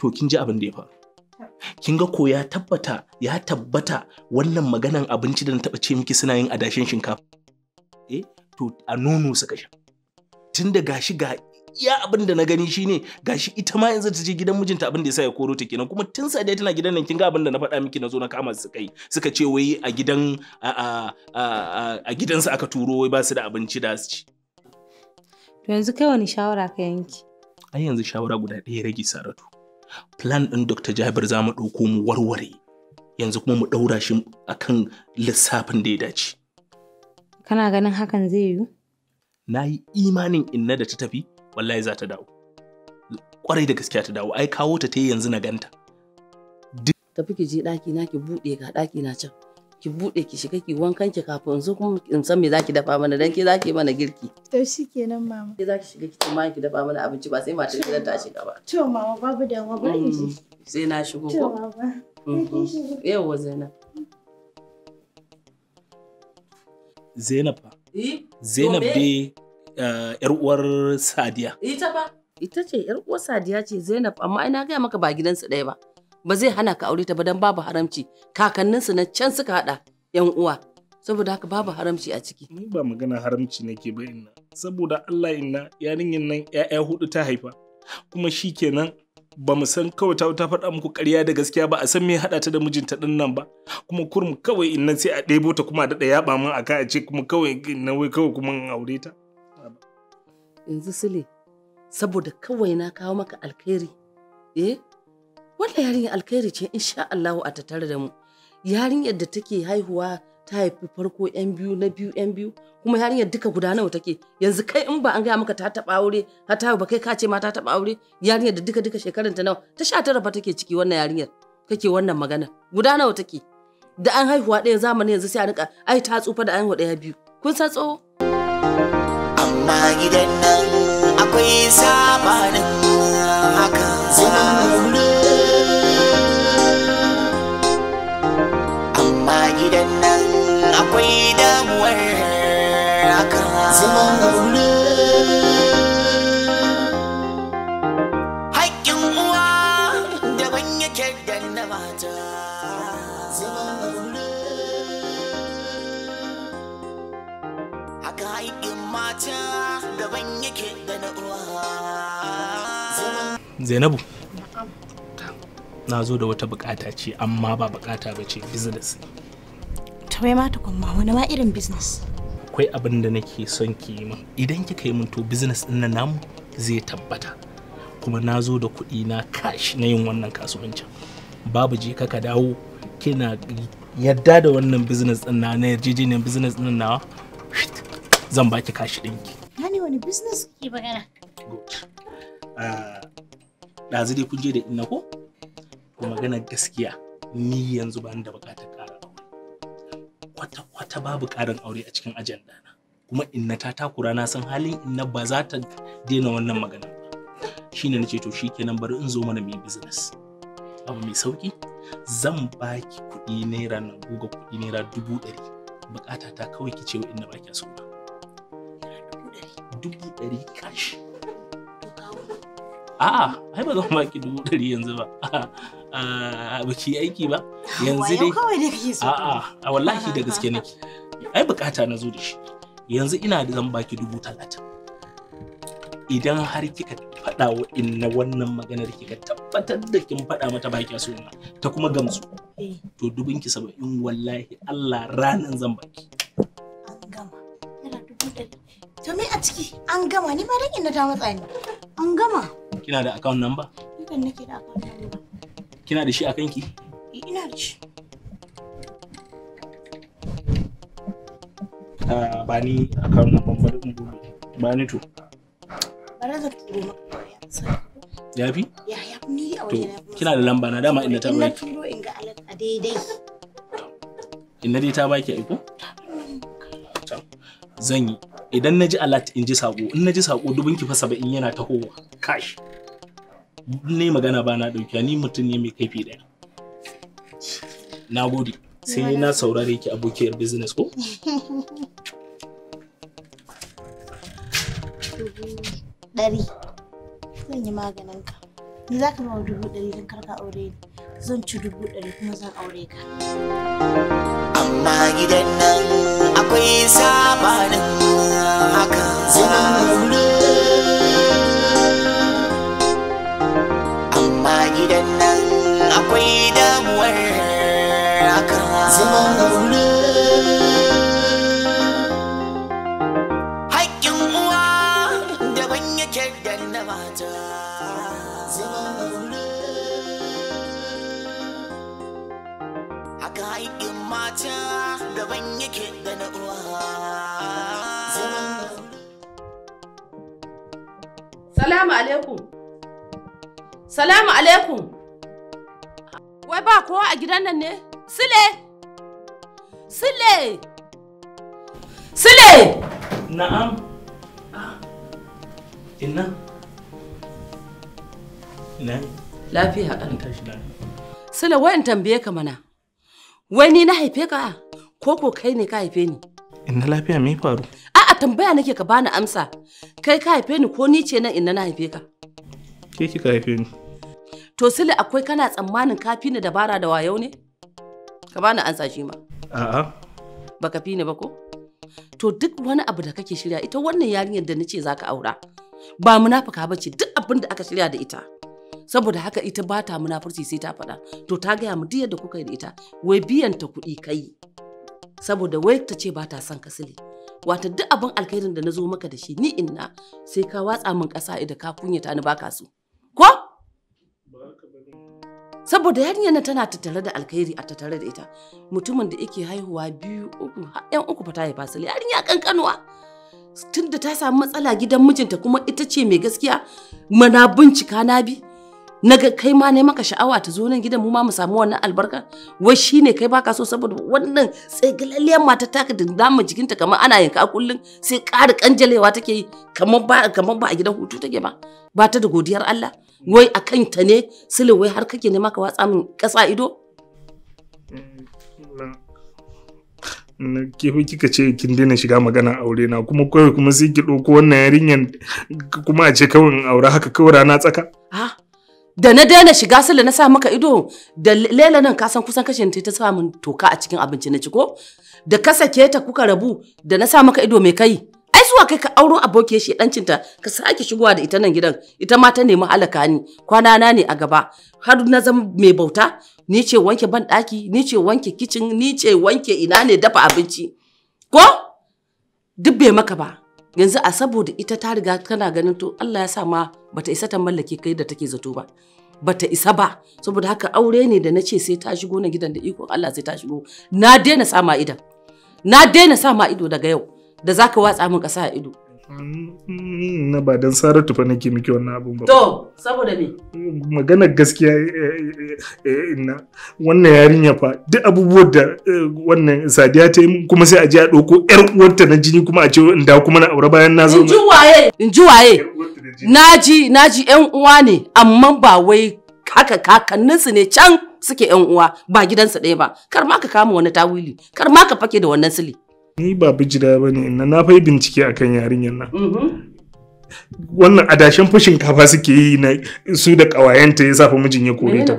to kin ji abin da ya faru kin ga ko ya tabbata ya tabbata wannan maganan abinci da na taba ce miki suna yin adashin shinkafa eh to a nono suka sha tun da gashi ga iya abin da na gani shine gashi ita ma yanzu ta je gidan mijinta abin da ya sa ya koro ta kenan kuma tun sadiya tana gidan nan kin ga abin da na faɗa miki na zo na kama su kai suka ce wai a gidan a a gidansa aka turo wai ba su da abinci da su ci to yanzu kai wani shawara ka yanki ai yanzu shawara guda ɗaya rage saratu plan ɗin dr jabir za mu ɗauko mu warware yanzu kuma mu ɗaura shi a kan lissafin da ya dace kana ganin hakan zai yiwu na yi imanin inna da ta tafi wallahi za ta dawo kwarai da gaskiya ta dawo ai kawo ta ta yanzu na ganta tafi ki je ɗaki na ki buɗe ga ɗaki na can ki bude ki shiga ki wankan ki kafin in zo kuma in san me zaki dafa mana dan ke zaki mana girki to shikenan mama ke zaki shiga ki ma ki dafa mana abinci ba sai mata gidan ta shiga ba to mama babu da wa ba sai na shigo ko to mama mm-hmm. yawa zainab zainab ba zainab be eh, yar uwar sadiya ita ba ita ce yar uwar sadiya ce zainab amma ina gaya maka ba gidansu ɗaya ba ba zai hana ka aure ta ba dan babu haramci kakanninsu na can suka haɗa yan uwa saboda haka babu haramci a ciki. Ni ba magana haramci nake ba inna saboda Allah inna yarinyan nan ‘ya'ya hudu ta haifa kuma shi kenan ba mu san kawai ta ta faɗa muku ƙarya da gaskiya ba a san me haɗa ta da mijinta ɗin nan ba kuma kurum kawai inna sai a ɗebo ta kuma daɗa yaɓa min a a ce kuma kawai inna wai kawai kuma in aure ta. Yanzu Sule saboda kawai na kawo maka alkhairi eh wannan yarinyar alkhairi ce insha Allahu a tattare da mu yarinyar da take haihuwa ta haifi farko yan biyu na biyu yan biyu kuma yarinyar duka guda nawa take yanzu kai in ba an gaya maka ta taba aure har ta ba kai ka ce ma ta taba aure yarinyar da duka duka shekarun ta nawa ta sha tara fa take ciki wannan yarinyar kake wannan magana guda nawa take da an haihuwa ɗaya zamani yanzu sai a rika ai ta tsufa da an haihuwa ɗaya biyu kun san tsoho amma gidan nan akwai sabanin hakan zaure akwai damuwar haka uwa daban yake mata zaman haka na Zainabu na zo da wata bukata ce amma ba bukata ba ce business To wai ma tukunma wani ma irin business. Akwai abin da nake son ki yi min. Idan kika yi min to business din nan namu zai tabbata. Kuma na zo da kuɗi na cash na yin wannan kasuwancin. Babu je ka ka dawo kina yadda da wannan business din na na yarjejeniyar business din na zan baki kashi ɗinki. Na ne wani business ke magana? Ah, ɗazu dai kun je da ina ko? Magana gaskiya ni yanzu ba ni da bukatar Ta babu ƙarin aure a cikin ajanda na kuma inna ta takura na san halin inna ba za ta daina wannan magana ba shine nace to shikenan bari in zo mana mai business abu mai sauki zan baki kuɗi naira na guga kuɗi naira dubu ɗari bukata ta kawai ki ce wa inna baki so ba dubu ɗari kashi a'a ai ba zan baki dubu ɗari yanzu ba baki aiki ba yanzu dai a'a a wallahi da gaske nake ai bukata na zo da shi yanzu ina da zan baki dubu talatin idan har kika faɗa wa inna wannan maganar kika tabbatar da kin faɗa mata baki a na ta kuma gamsu eh. to dubin ki saba'in wallahi Allah ranan zan baki an gama yana dubu to me a ciki an gama ni ma dan inna ta matsa ni an gama kina da account number idan nake da account number Kina da shi a kanki? Eh, ina da shi. Ah, ba ni a kan bambar ungu ba ni to. Bara zan turo maka ya fi? Ya ya ni a wajen Kina da lamba na dama inda ta baki. Ina turo in ga alaƙa daidai. Inna dai ta baki aiko? Zan yi idan na ji alat in ji saƙo, in na ji saƙo dubin ki fa saba'in yana tahowa Kashi. ne magana ba na ɗauki ni mutum ne mai kaifi ɗaya na gode sai ne na saurare ki abokiyar business ko ɗari zan yi maganin ka ni za ka bawa dubu ɗari don karka aure ni zan ci dubu ɗari kuma zan aure ka amma gidan nan akwai sabanin haka zan aure nan akwai damuwar aka zaman aure haƙƙin uwa daban yake da na mata zaman aure haka haƙƙin mata daban yake da na uwa Salamu alaikum. Salamu alaikum. Wai ba kowa a gidan nan ne? Sile! Sile! Sile! Na'am. Inna. Ina. Lafiya an tashi Sile wai in tambaye ka mana. Wai ni na haife ka ko ko kai ne ka haife ni? Inna lafiya me faru? A'a tambaya nake ka bani amsa. Kai ka haife ni ko ni ce nan inna na haife ka? Ke kika haife ni. To sili akwai kana tsammanin ka fi ni dabara da wayo ne? Ka bani an shi ma. A'a. Baka fi ni ba ko? To duk wani abu da kake shirya ita wannan yarinyar da nace zaka aura. Ba munafuka ce duk abin da aka shirya da ita. Saboda haka ita ba ta munafurci sai ta faɗa. To ta gaya mu duk yadda kuka yi da ita. Wai biyan ta kuɗi kai. Saboda wai ta ce ba ta son ka sili Wata duk abin alkhairin da na zo maka da shi ni inna sai ka watsa min ƙasa idan ka kunyata ni baka so. saboda yarinyar nan tana tattare da alkhairi a tattare da ita mutumin da yake haihuwa biyu uku yan uku fa ta haifa yarinya kankanuwa tunda ta samu matsala gidan mijinta kuma ita ce mai gaskiya mana bincika na bi naga kai ma ne maka sha'awa ta zo nan gidan mu ma mu samu wannan albarka wai shine kai baka so saboda wannan tsigilalliyar mata taka da dama ta kamar ana yanka kullun sai ƙara kanjalewa take yi kamar ba kamar ba a gidan hutu take ba ba ta da godiyar Allah wai a ta ne sule wai har kake ne maka watsa min ƙasa ido na fi kika ce kin daina shiga magana aure na kuma kawai kuma sai ki ɗauko wannan yarinyar kuma a ce kawai aure haka kawai rana tsaka ha ah, da na daina shiga sala na sa maka ido da lela nan kasan kusan kashe ta sa samun toka a cikin abinci na ciko da ka sake ta kuka rabu da na sa maka ido mai kai ai zuwa kai ka auro abokiyar shi ta ka sake shigowa da ita nan gidan ita ma ta nemi halaka ni kwana na ne a gaba har na zama mai bauta ni ce wanke ban daki ni ce wanke kicin ni ce wanke ina ne dafa abinci ko duk bai maka ba yanzu a saboda ita ta riga kana ganin to Allah ya sa ma bata isa ta mallake kai da take zato ba bata isa ba saboda haka aure ne da nace sai ta shigo na gidan da ikon Allah sai ta shigo na daina sama idan na daina sa ma ido daga yau da zaka watsa min kasa a ido Mm, na ba don saratu fa nake miki wannan abun ba. To, saboda me? Magana gaskiya eh, eh, eh, ina wannan yarinya fa duk abubuwan da wannan sadiya ta yi kuma sai a ji a ɗauko ƴar uwarta na jini kuma a ce da kuma na aure bayan na zo. Inji waye? inji waye? Naji naji ƴan uwa ne amma ba wai haka su ne can suke ƴan uwa ba gidansu ɗaya ba kar ma ka kama wani tawili kar ma ka fake da wannan sili. ni ba bijira ba ne na na fai bincike akan yarinyar nan mm-hmm. wannan adashen fa shinkafa suke yi na su da kawayenta ya safa mijin ya kore ta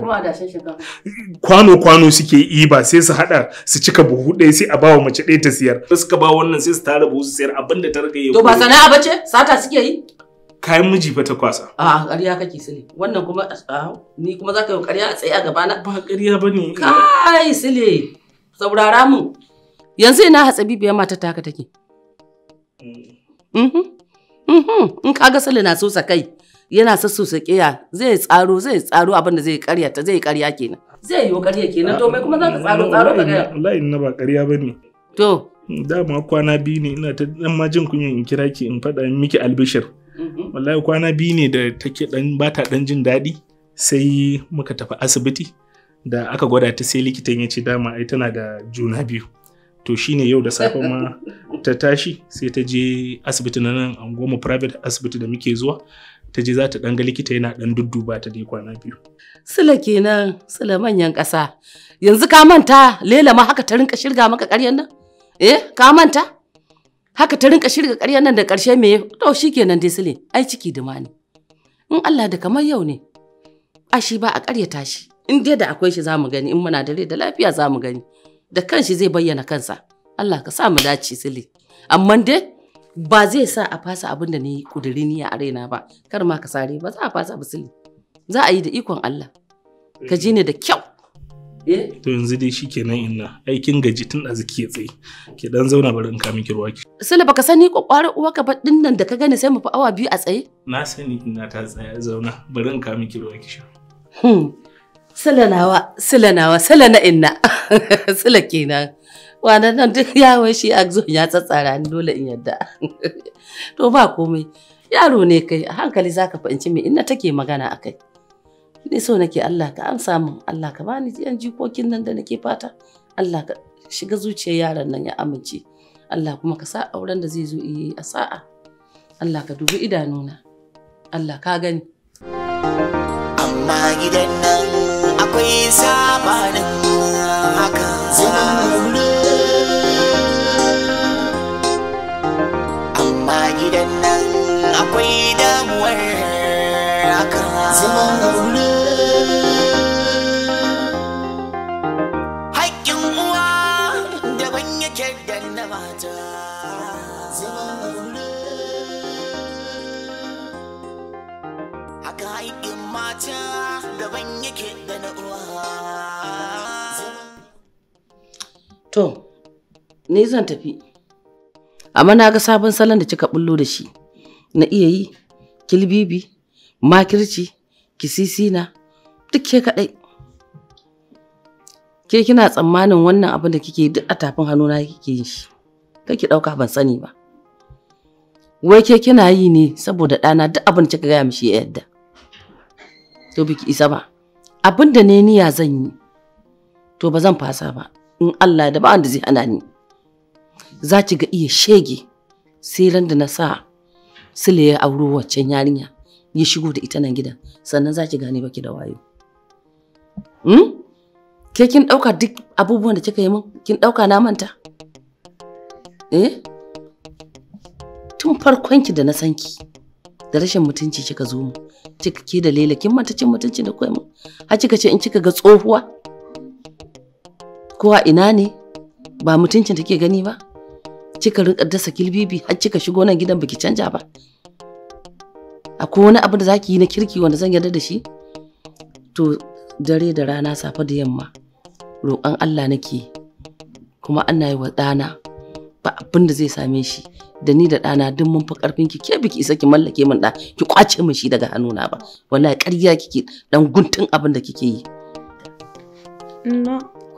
kwano kwano suke yi ba sai su hada su cika buhu ɗaya sai a ba wa mace ɗaya ta siyar suka ba wannan sai su tara buhu su siyar abinda ta rage to ba sana'a bace sata suke yi kayan miji fa ta kwasa. A ƙarya kake sile. Wannan kuma ni kuma za ka yi ƙarya a tsaye a gaba na. Ba ƙarya ba ne. Kai sile. Saurara mu. Yanzu ina mata ta haka take. Mhm. Mhm. In ka ga sali na sosa kai yana sassosa kiya zai tsaro zai tsaro abin da zai karya ta zai karya kenan. Zai yi karya kenan to mai kuma za ka tsaro tsaro ka gaya. Wallahi ina ba karya bane. To. Dama kwana biyu ne ina ta dan ma jin kunyan in kira ki in faɗa miki albishir. Mhm. Wallahi kwana biyu ne da take dan bata dan jin daɗi sai muka tafi asibiti da aka gwada ta sai likitan ya ce dama ai tana da juna biyu. to shine yau da safe ma ta tashi sai ta je asibiti na nan goma private asibiti da muke zuwa ta je za ta likita yana ɗan dudduba ta dai kwana biyu. Sula kenan sula manyan ƙasa yanzu ka manta lela ma haka ta rinka shirga maka ƙaryan nan eh ka manta haka ta rinka shirga ƙaryan nan da ƙarshe me to kenan dai sule ai ciki da ne in Allah da kamar yau ne ashi ba a ƙaryata shi in dai da akwai shi za mu gani in muna da rai da lafiya zamu gani. da kanshi zai bayyana kansa Allah ka sa mu dace sili amma dai ba zai sa a fasa abin da ni kudiri ni a raina ba kar ma ka sare ba za a fasa ba sili za a yi da ikon Allah ka ji ne da kyau eh? to yanzu dai shikenan inna aikin gaji tun da zaki tsaye ke dan zauna bari in ka miki ruwa ki sila baka sani uwa ka ba dinnan da ka gani sai mu fa awa biyu a tsaye na sani inna ta tsaya zauna bari in ka miki ruwa ki sha hmm. sila nawa sila nawa sila na inna sila kenan nan duk yawon shi a zo ya tsatsara ni dole in yadda to ba komai yaro ne kai a hankali zaka fahimci me inna take magana akai ni so nake Allah ka amsa min Allah ka bani yan jikokin nan da nake fata Allah ka shiga zuciyar yaran nan ya amince Allah kuma ka sa auren da zai zo yi a sa'a Allah ka dubi idanuna Allah ka gani amma gidan nan akwai sabanin hakan zaure amma gidan nan akwai damuwar hakan zaure To, ni zan tafi. Amma na ga sabon salon da kika bullo da shi. Na iya yi, kilbibi, makirci, kisisina, duk ke kaɗai. Ke kina tsammanin wannan abin da kike duk a tafin hannuna kike yin shi. Kake ɗauka ban sani ba. Wai ke kina yi ne saboda ɗana duk abin da kika gaya mishi ya yadda. To biki isa ba. Abin da ne niya zan yi. To ba zan fasa ba. in Allah da ba wanda zai hana ni za ki ga iya shege sai ran da na sa sule ya auro waccan yarinya ya shigo da ita nan gidan sannan za ki gane baki da wayo hmm? ke kin dauka duk abubuwan da kika yi min kin ɗauka na manta eh tun farkon ki da na san ki da rashin mutunci kika zo mu kika ke da lela kin manta cin mutunci da koyi mu har kika ce in kika ga tsohuwa ko ina ne ba mutuncin take gani ba kika rinka dasa kilbibi har cika shigo nan gidan baki canja ba akwai wani abu da zaki yi na kirki wanda zan yarda da shi to dare da rana safe da yamma roƙon Allah nake kuma ana yi wa ɗana ba abin da zai same shi da ni da ɗana duk mun fi ƙarfin ki ke biki isa ki mallake min ɗa ki kwace min shi daga hannuna ba wallahi ƙarya kike ɗan guntun abin da kike yi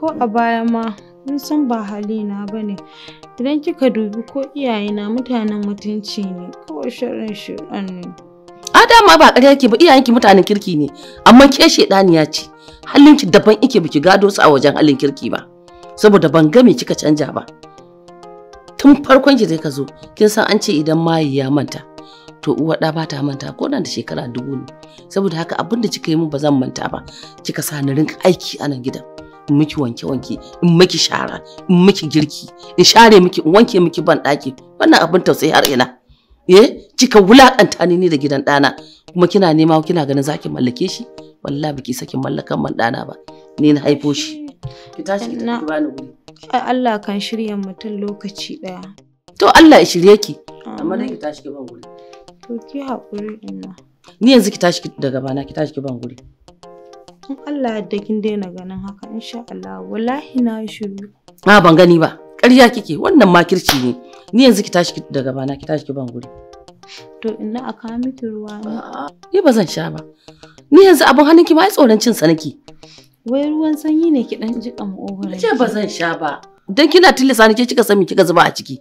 ko a baya ma mun san ba halina ba ne. Idan kika dubi ko iyayena mutanen mutunci ne, kawai sharrin shiɗan ne. A dama ba ƙarya ke ba iyayenki mutanen kirki ne, amma ke ya ce. Halinki daban ike biki gado su a wajen halin kirki ba, saboda ban ga me kika canja ba. Tun farkon ki ka zo, kin san an ce idan mayi ya manta. To uwa ɗa ba ta manta ko da shekara dubu ne. Saboda haka abin da kika yi min ba zan manta ba, kika sa ni rinka aiki a nan gidan. in miki wanke wanke in miki shara in miki girki in share miki in wanke miki ban daki wannan abin tausayi har ina eh kika wulakanta ni da gidan dana kuma kina nema kina ganin zaki mallake shi wallahi biki sakin mallakan man dana ba ni na haifo shi ki tashi ki tafi bani guri Allah kan shirya mutum lokaci daya to Allah ya shirye ki amma dai ki tashi ki ban guri to ki haƙuri ina ni yanzu ki tashi daga bana ki tashi ki ban guri in Allah yadda kin daina ganin haka insha Allah wallahi na shiru a ah, ban gani ba ƙarya kike wannan makirci ne ni yanzu ki tashi daga bana ki tashi ki ban guri to inna a kawo miki ruwa ne ah, ni ba zan sha ba ni yanzu abin hannun ki ma ai tsoron cin sa nake wai ruwan sanyi ne ki dan jika mu ogoran ce ba zan sha ba dan kina tilisa ni ke kika sami kika zuba a ciki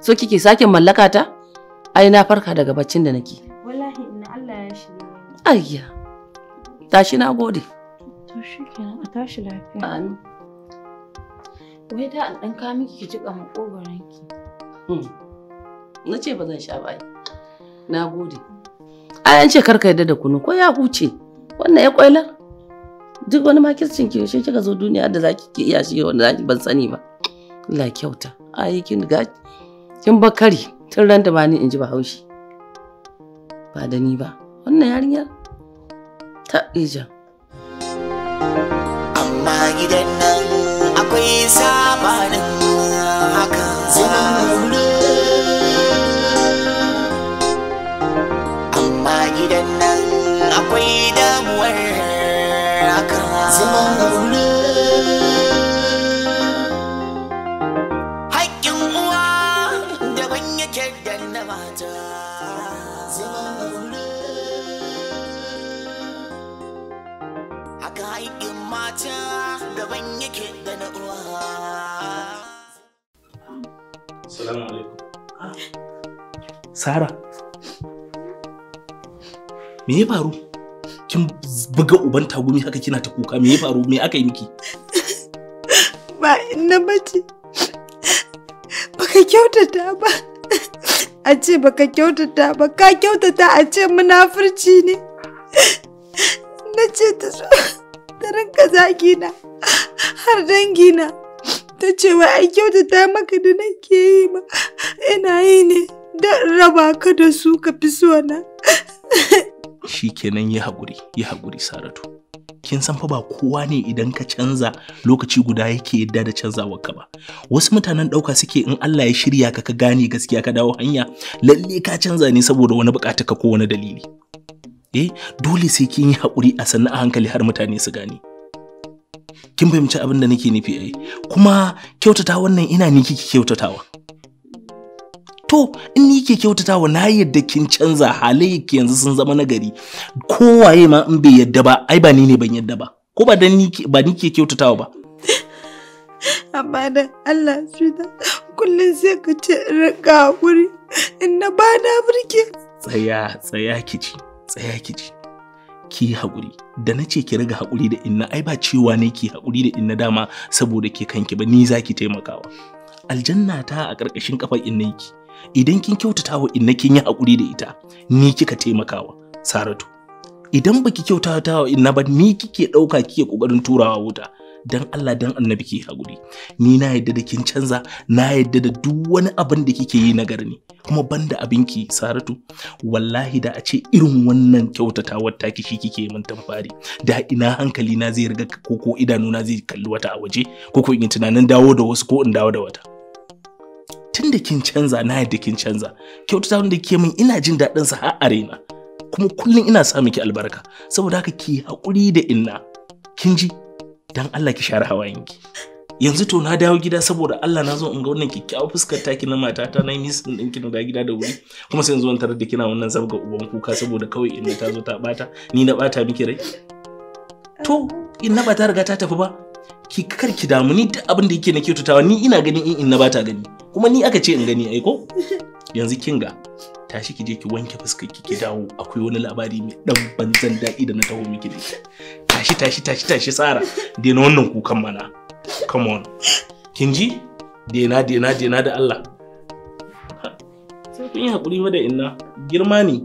so kike sake mallaka ta ai na farka daga baccin da nake wallahi inna Allah ya shi ayya tashi na gode To shi kenan a tashi lafiya. Amin. Wai da an ɗan ka miki ki jiƙa maƙogwaronki. Hmm. Na ce ba zan sha ba Na gode. Ai an ce kar ka yarda da kunu ko ya huce. Wannan ya ƙwailar. Duk wani makircin ki yaushe kika zo duniya da zaki ki iya shi wanda zaki ban sani ba. Allah kyauta. Ai kin ga kin bakari tun ran da ba ni in ji ba haushi. Ba da ni ba. Wannan yarinyar ta ijan. amma gidan nan akwai sabanin hakan zaure amma gidan nan akwai damuwar hakan zaure Sara, me ya faru? Kin buga uban tagumi haka kina ta kuka me ya faru? Me aka yi miki? Ba inna mace. Baka kyautata ba. A ce baka kyautata ba, ka kyautata a ce munafurci ne. Na ce ta so, ta rinka zaki na, har dangi na. Ta ce wa ai kyautata maka da nake yi ma, ina yi ne. don raba ka da su ka fi na. Shi kenan ya haƙuri, ya haƙuri Saratu. Kin san fa ba kowa ne idan ka canza lokaci guda yake yadda da canzawar ka ba. Wasu mutanen ɗauka suke in Allah ya shirya ka ka gane gaskiya ka dawo hanya lalle ka canza ne saboda wani buƙatar ka ko wani dalili. Eh, dole sai kin yi haƙuri a sannan a hankali har mutane su gane. Kin fahimci abin da nake nufi ai, eh? kuma kyautata wannan ina ni kike kyautatawa. to in ni ke kyautatawa na yadda kin canza halayyarki yanzu sun zama nagari kowaye ma in bai yadda ba ai ba ni ne ban yadda ba ko ba dan ni ba ni ke kyautatawa ba amma da Allah shi da sai ka ce rinka hakuri in na ba na burke tsaya tsaya kici tsaya kici ki haƙuri da na ce ki riga haƙuri da inna ai ba cewa ne ki haƙuri da inna dama saboda ke kanki ba ni za ki taimakawa aljanna ta a ƙarƙashin kafar inna idan kin kyautata wa inna kin yi hakuri da ita ni kika taimakawa saratu idan baki kyautata wa inna ba ni kike ɗauka kike ƙoƙarin turawa wuta dan Allah dan annabi ki hakuri. ni na yadda da kin canza na yadda da duk wani abin da kike yi na garni kuma banda abinki saratu wallahi da a ce irin wannan kyautatawar taki kishi kike min tamfari da ina hankali na zai riga ko ko idanu na zai kalli wata a waje ko ko in tunanin dawo da wasu ko in dawo da wata tun da kin canza na yadda kin canza kyautata wanda ke min ina jin daɗin sa har arena kuma kullum ina sa miki albarka saboda haka ki haƙuri da inna kin ji dan Allah ki share hawayenki yanzu to na dawo gida saboda Allah na zo in ga wannan kyakkyawar fuskar taki na matata na yi misin ɗinki na gida da wuri kuma sai yanzu tare da kina wannan zabga uban kuka saboda kawai inna ta zo ta bata ni na bata miki rai to inna ba ta riga ta tafi ba ki kar ki damu ni duk abin da yake na kyautatawa ni ina ganin in inna ba ta gani kuma ni aka ce in gani aiko yanzu kinga tashi ki je ki wanke fuskar ki ki dawo akwai wani labari mai dan banzan daɗi da na taho miki da tashi tashi tashi tashi tsara daina wannan kukan mana come on kin ji daina daina daina da Allah sai kun yi hakuri ma da inna girma ne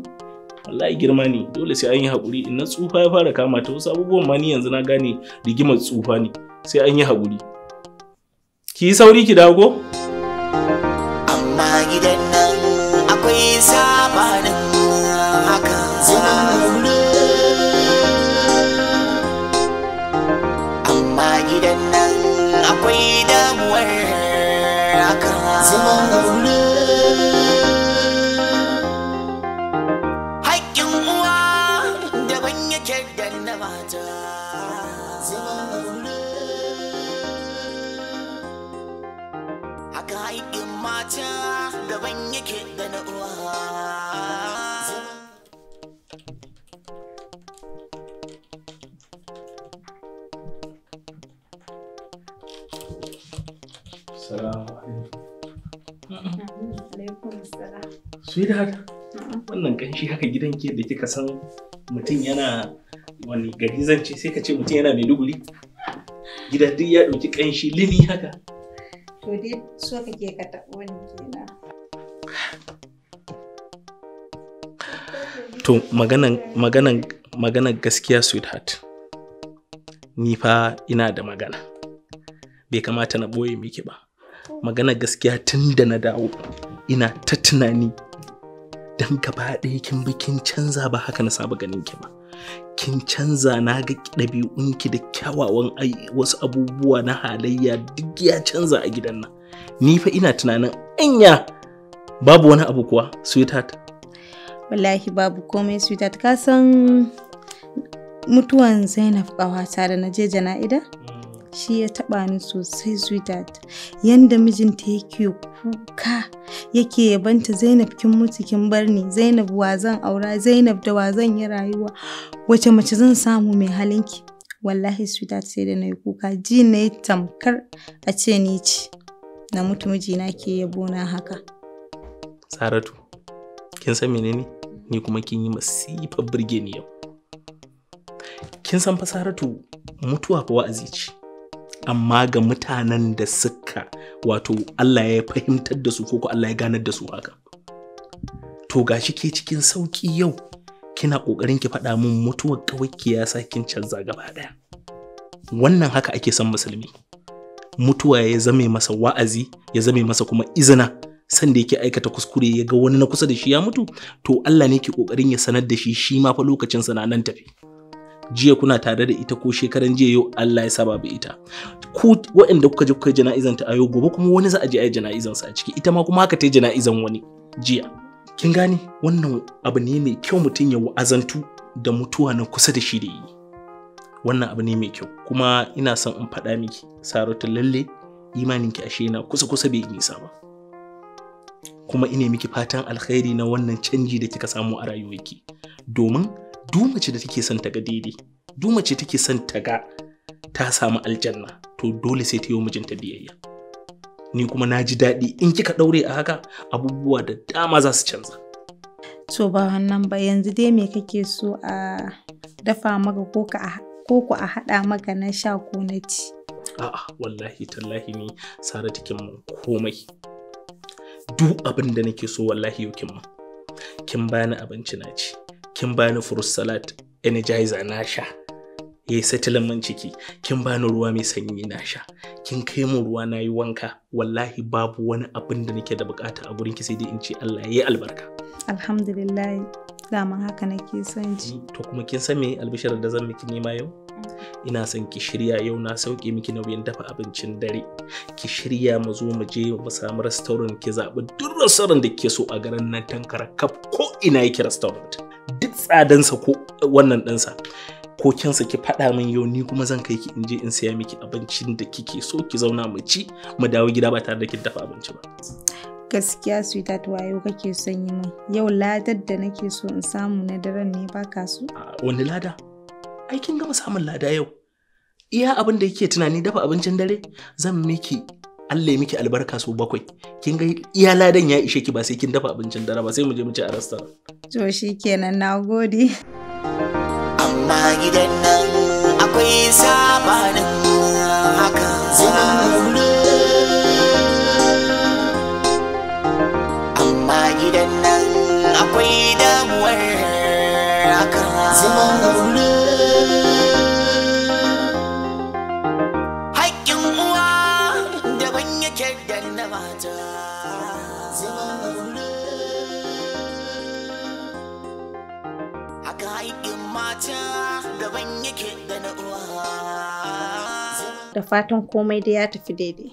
wallahi girma ne dole sai an yi hakuri inna tsufa ya fara kama ta wasu abubuwan ma ni yanzu na gane rigimar tsufa ne sai an yi hakuri ki yi sauri ki dago amma gidan nan akwai sabanin haka zuwa Sweetheart, wannan shi haka gidan ke da kika san mutum yana wani gari zance sai ka ce mutum yana Maiduguri. Gidan duk ya ɗauki ƙanshi lini haka. To dai so kake ka wani kenan. To maganan maganan maganan gaskiya sweetheart. Ni fa ina da magana. Bai kamata na ɓoye miki ba. Maganar gaskiya tun da na dawo ina ta tunani dan gaba ɗaya kin bi kin canza ba haka na saba ganin ki ba kin canza na ga ɗabi'unki da kyawawan wasu abubuwa na halayya duk ya canza a gidan nan ni fa ina tunanin anya babu wani abu kuwa sweetheart wallahi babu komai sweetheart ka san mutuwan zainab ƙawata da na je jana'ida mm. shi ya taɓa ni sosai sweetheart yanda mijinta yake kuka yake yabanta zainab kin mutu kin bar ni zainab wa zan aura zainab da wa zan yi rayuwa wace mace zan samu mai halinki wallahi sweetheart sai da na yi kuka ji na yi tamkar a ce ni ci na mutu mijina ke yabo na haka tsaratu kin san menene ni kuma kin yi masifar birge ni yau kin san fa Saratu mutuwa ko wa'azi ce amma ga mutanen da suka wato Allah ya fahimtar da su ko Allah ya ganar da su haka to gashi ke cikin sauki yau kina ƙoƙarin ki faɗa min mutuwar kawai ya sa kin canza gaba ɗaya? wannan haka ake son musulmi mutuwa ya zame masa wa'azi ya zame masa kuma izina sanda yake aikata kuskure ya ga wani na kusa da shi ya mutu to Allah ne ke kokarin ya sanar da shi shi ma fa lokacin sa na nan tafi jiya kuna tare da ita ko shekaran jiya yau Allah ya saba ita ku waɗanda kuka je kuka jana'izan ta ayo gobe kuma wani za a je a jana'izan sa a ciki ita ma kuma haka ta jana'izan wani jiya kin gane wannan abu ne mai kyau mutum ya wa'azantu da mutuwa na kusa da shi da yi wannan abu ne mai kyau kuma ina son in faɗa miki saratu lalle imanin ki ashe na kusa kusa bai nisa ba kuma ina miki fatan alkhairi na wannan canji da kika samu a rayuwarki domin duk mace da take son ta ga daidai duk mace take son ta ga ta samu aljanna to dole sai ta yi mijinta biyayya ni kuma na ji daɗi in kika ɗaure a haka abubuwa da dama za su canza to ba wannan ba yanzu dai me kake so a dafa maka ko ku a haɗa maka na sha ko na ci a'a wallahi tallahi ni sara take komai duk abin da nake so wallahi yau kin kin bani abinci na ci kin bani fruit salad energizer na sha ya yi settlement ciki kin bani ruwa mai sanyi na sha kin kai mu ruwa na yi wanka wallahi babu wani abin da nake da bukata a gurin ki sai dai in ce Allah ya yi albarka alhamdulillah dama haka nake son ji hmm, to kuma kin san me albishar da zan miki nema yau mm. ina son ki shirya yau na sauke miki nauyin dafa abincin dare ki shirya mu zo mu je mu samu restaurant ki zaɓi duk restaurant da ke so a garin nan tankara kaf ko ina yake restaurant tsadansa ko wannan ɗansa ko kin ki faɗa min yau ni kuma zan kai ki in je in saya miki abincin da kike so ki zauna mu ci mu dawo gida ba tare da kin dafa abinci ba gaskiya sweetheart wayo kake son yi min yau ladar da nake so in samu na daren ne ba ka so wani lada ai kin gama samun lada yau iya abin da yake tunani dafa abincin dare zan miki Allah ya miki albarka so bakwai kin ga iya ladan ya ishe ki ba sai kin dafa abincin dare ba sai mu je mu ci a restaurant To shi kenan na gode. Amma gidan nan akwai sabanin hakan zaure. Amma gidan nan akwai damuwar hakan zaure. da fatan komai da ya tafi daidai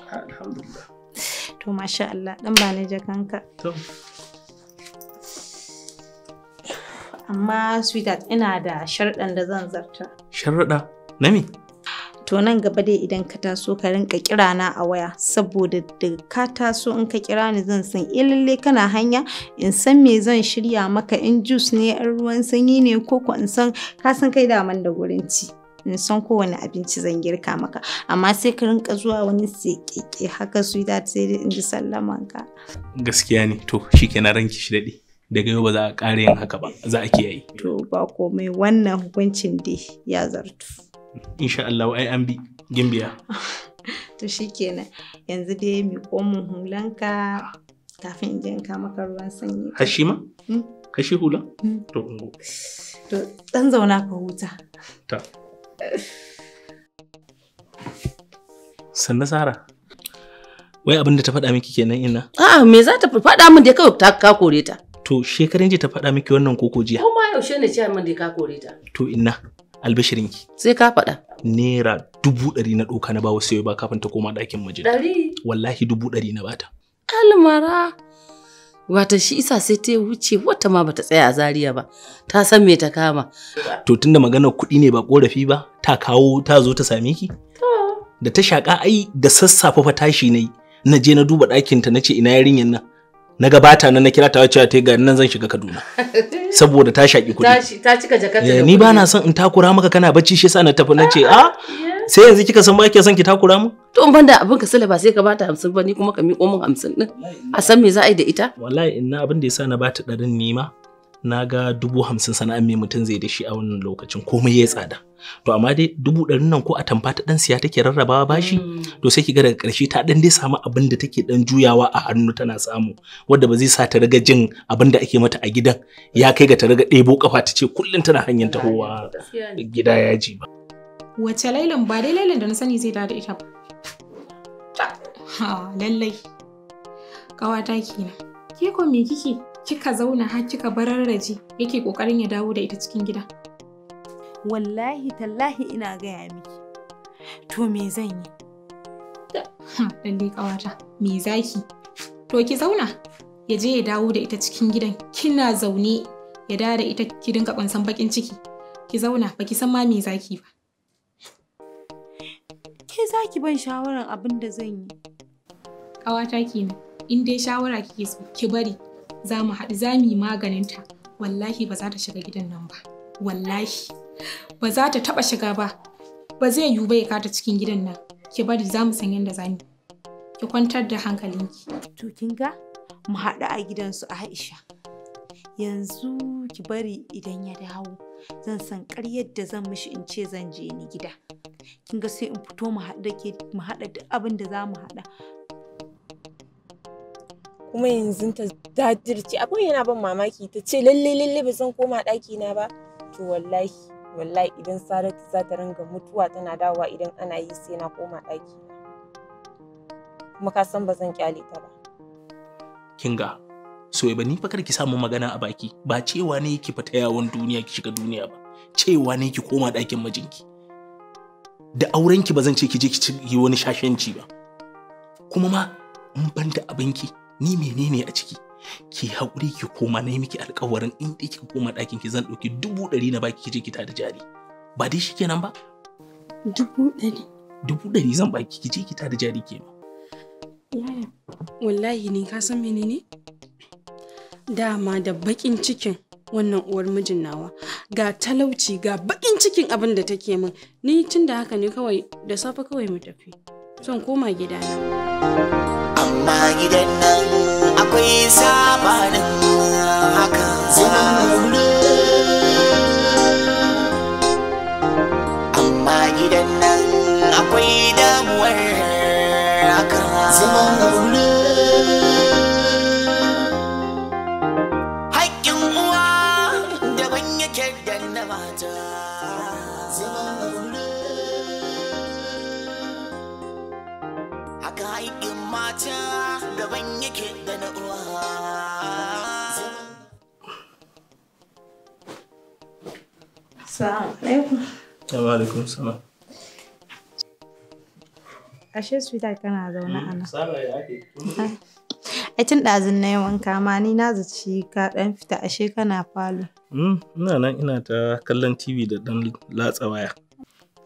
to masha Allah dan ba ni jakanka amma sweetheart ina da sharɗan da zan zarta sharɗa na me to nan gaba dai idan ka taso ka rinka kira na a waya saboda da ka taso in ka kira ni zan san ilalle eh, kana hanya in san me zan shirya maka in juice ne in ruwan sanyi ne ko in san ka san kai daman da gurin ci in san kowane abinci zan girka maka amma sai ka rinka zuwa wani sekeke haka su da sai in ji sallaman ka gaskiya ne to shikenan ranki shi daɗi daga yau ba za a ƙara yin haka ba za a kiyaye to ba komai wannan hukuncin dai ya zartu insha Allah ai an bi gimbiya to shikenan yanzu dai mi komun hulanka kafin in jinka maka ruwan sanyi hashi ma kashi hmm? hula hmm. to to dan zauna ka huta ta sannu sara wai abin da ta faɗa miki kenan ina a me za ta faɗa min da kawai ta ka kore ta to shekarun ji ta faɗa miki wannan koko jiya kuma yaushe ne ce min da ka kore ta to ina ki. sai ka faɗa naira dubu ɗari na ɗoka na bawa sai ba kafin ta koma ɗakin majina ɗari wallahi dubu ɗari na bata almara Wata shi isa sai ta wuce wata ma bata tsaya a Zariya ba. Ta san me ta kama. To tunda maganar kuɗi ne ba korafi ba, ta kawo ta zo ta same ki? Da ta shaka ai da sassafa fa tashi na yi. Na je na duba ɗakinta na ce ina yarinyar nan. na gabata nan na kira ta wacce ta ga nan zan shiga Kaduna saboda ta shaki kuɗi ta cika jakarta eh, ni ba na son in takura maka kana bacci shi yasa na tafi na ce a ah, sai yanzu kika san ba kike son ki takura mu to in banda abin ka sala ba sai ka bata 50 ba ni kuma ka miƙo min 50 din a san me za a yi da ita wallahi inna abin da yasa na bata ɗarin nima na ga dubu hamsin sana'an me mutum zai da shi a wannan lokacin komai ya tsada to amma dai dubu ɗarin nan ko a tamfa ta ɗan siya take rarrabawa bashi mm. to sai ki ga daga ƙarshe ta ɗan dai samu abin da take ɗan juyawa a hannu tana samu wanda ba zai sa ta riga jin abin da ake mata a gidan ya kai ga ta riga ɗebo kafa ta ce kullum tana hanyar tahowa gida ya ji ba. Wace lailan ba dai lailan da na sani zai da ita ba. lallai. Kawata kenan. Ke ko me kike? Kika zauna har kika bararraje yake kokarin ya dawo da ita cikin gida. wallahi tallahi ina gaya miki to me zan yi lalle hm, kawata me zaki to ki zauna ya je ya dawo da ita cikin gidan kina zaune ya dawo da ita ki dinga kwansan bakin ciki ki zauna baki san ma me zaki ba ke zaki ban shawaran abin da zan yi kawata kenan in dai shawara kike so ki bari za mu haɗu za mu yi maganinta wallahi ba za ta shiga gidan nan ba wallahi Ba za ta taɓa shiga ba. Ba zai yiwu ba ya kata cikin gidan nan. Ki bari za mu san yadda za mu. Ki kwantar da hankalinki. To kin ga mu haɗu a gidansu su Aisha. Yanzu ki bari idan ya dawo zan san ƙaryar yadda zan mishi in ce zan je ni gida. Kin ga sai in fito mu haɗa mu haɗa duk abin da za mu haɗa. kuma yanzu ta dadirce abin yana ban mamaki ta ce lalle lalle ba zan koma ɗaki na ba to wallahi wallahi idan saratu za ta ringa mutuwa tana dawowa idan ana yi sai na koma ɗaki kuma ka san ba zan kyale ta ba kinga so ba ni fa ki samu magana a baki ba cewa ne ki fita yawon duniya ki shiga duniya ba cewa ne ki koma ɗakin majinki? da aurenki ba zan ce ki je ki yi wani shashanci ba kuma ma in banta abinki ni menene a ciki ki haƙuri ki koma na yi miki alƙawarin in dai ki koma ɗakin ki zan ɗauki dubu ɗari na baki kije ki tada jari ba dai kenan ba dubu ɗari dubu ɗari zan baki kije ki tada jari kenan yaya wallahi ni ka san menene dama da baƙin cikin wannan uwar mijin nawa ga talauci ga baƙin cikin abin da take min ni tun da haka ne kawai da safe kawai mu tafi son koma gidana amma gidan nan akwai sabanin hakan zaune amma gidan nan akwai damuwar hakan zaune Assalamu alaikum. Wa alaikum salam. Ashe sweetheart kana zaune a nan. Mm, Sala ya ake. Ai tun ɗazun na yi wanka ma ni na zuci ka ɗan fita ashe kana falo. Mm, ina nan ina ta kallon TV da ɗan latsa waya.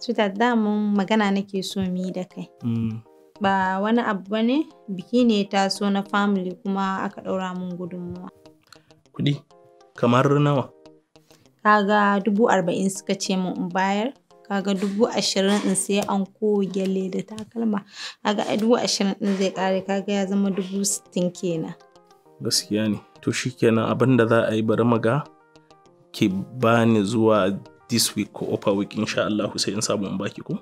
Sweetheart damun magana nake so mu yi da kai. Mm. Ba wani abu ba ne biki ne ta so na family kuma aka ɗaura mun gudunmuwa. Kuɗi kamar nawa? kaga dubu arba'in suka ce min in bayar kaga dubu ashirin in sai an gyale da takalma kaga dubu ashirin din zai kare kaga ya zama dubu sittin kenan. gaskiya ne to shikenan abin da za a yi bari maga ki bani zuwa this week ko upper week insha Allah sai in samu in baki ko.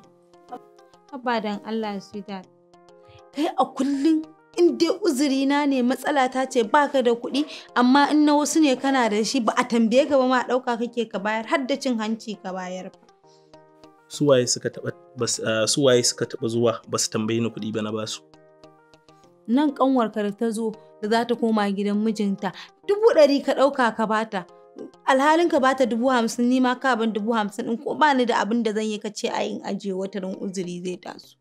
Haba dan Allah da kai a kullum in dai uzuri na ne matsala ta ce baka da kuɗi amma in na wasu ne kana da shi ba a tambaye gaba ba ma ɗauka kake ka bayar har da cin hanci ka bayar suwaye suka taɓa ah, suka taɓa zuwa ba su tambaye ni kuɗi ba na basu nan ƙanwar ka da ta zo da za ta koma gidan mijinta dubu ɗari ka ɗauka ka bata alhalin ka bata dubu hamsin ni ma ka ban dubu hamsin ko ba ni da abin da zan yi ka ce a yin ajiye watarin uzuri zai taso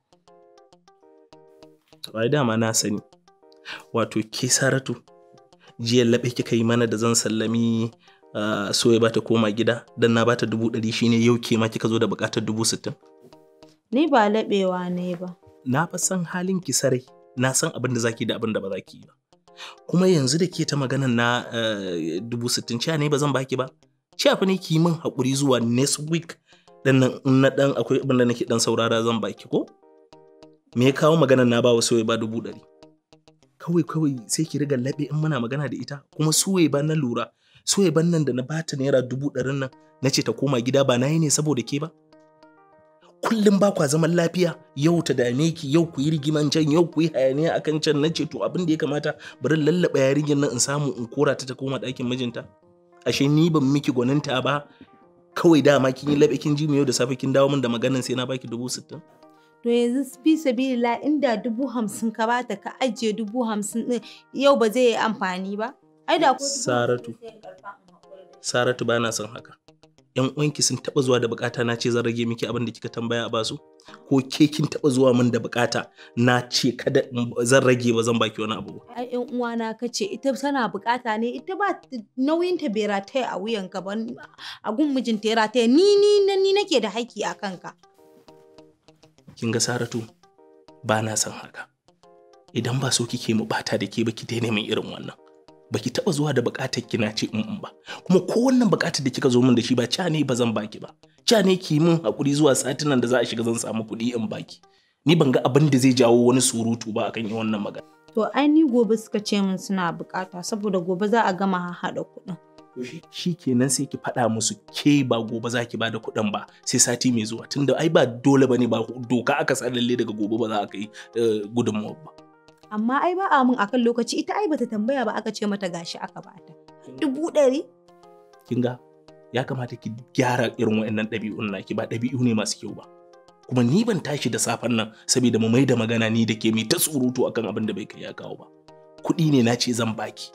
yi dama na sani wato ke saratu jiya laɓe kika yi mana da zan sallami ah, so ya bata koma gida dan na bata dubu ɗari shine yau ke ma kika zo da buƙatar dubu sittin. Ni ba laɓewa ne ba. Na fa san halin ki sarai, na san abin da zaki da abin da ba zaki ba. Kuma yanzu da ke ta maganan na eh, dubu sittin cewa ne ba zan baki ba. cewa fa ne ki min haƙuri zuwa next week ɗan nan in na ɗan akwai abin da nake ɗan saurara zan baki ko? me ya kawo magana na ba wa ba dubu ɗari kawai kawai sai ki riga laɓe in muna magana da ita kuma soyayya ba na lura soyayya ban nan da na bata naira dubu ɗarin nan na ce ta koma gida ba na yi ne saboda ke ba kullum ba kwa zaman lafiya yau ta dame ki yau ku yi rigiman can yau ku yi hayaniya a kan can na ce to abin da ya kamata bari lallaba yarinyar nan in samu in kora ta ta koma ɗakin mijinta ashe ni ban miki gwaninta ba kawai dama kin yi laɓe kin ji mu yau da safe kin dawo min da maganan sai na baki dubu sittin to yanzu fi sabilillah inda dubu hamsin ka bata ka ajiye dubu hamsin din yau ba zai yi amfani ba ai da saratu saratu ba na son haka yan uwanki sun taba zuwa da bukata na ce zan rage miki abin da kika tambaya a basu ko ke kin taba zuwa min da bukata na ce kada zan rage ba zan baki wani abu ba ai yan uwana kace ita tana bukata ne ita ba nauyin ta bai rataya a wuyan ka ba a gun mijinta ya rataya ni ni ni nake da haƙƙi a kanka kin ga saratu ba na son haka idan ba so kike mu bata da ke ba ki daina min irin wannan baki taba zuwa da bukatar ki na ce in mm, mm ba kuma ko wannan bukatar da kika zo min da shi ba ca ne ba zan baki ba ca ne ki mun hakuri zuwa satinan da za a shiga zan samu kuɗi in baki ni ban ga abin da zai jawo wani surutu ba akan yi wannan magana to ai ni gobe suka ce min suna bukata saboda gobe za a gama haɗa kuɗin shi kenan sai ki faɗa musu ke ba gobe za ki bada kuɗin ba sai sati mai zuwa tunda ai ba dole bane ba doka aka sa lalle daga gobe ba za ka yi eh, gudunmawar ba amma ai ba a mun akan lokaci ita ai bata tambaya ba aka ce mata gashi aka bata dubu ɗari kin ga ya kamata ki gyara irin waɗannan ɗabi'un naki ba ɗabi'u ne masu kyau ba kuma ni ban tashi da safen nan saboda mu mai da magana ni da ke mai ta surutu akan abin da bai kai ya kawo ba kuɗi ne na ce zan baki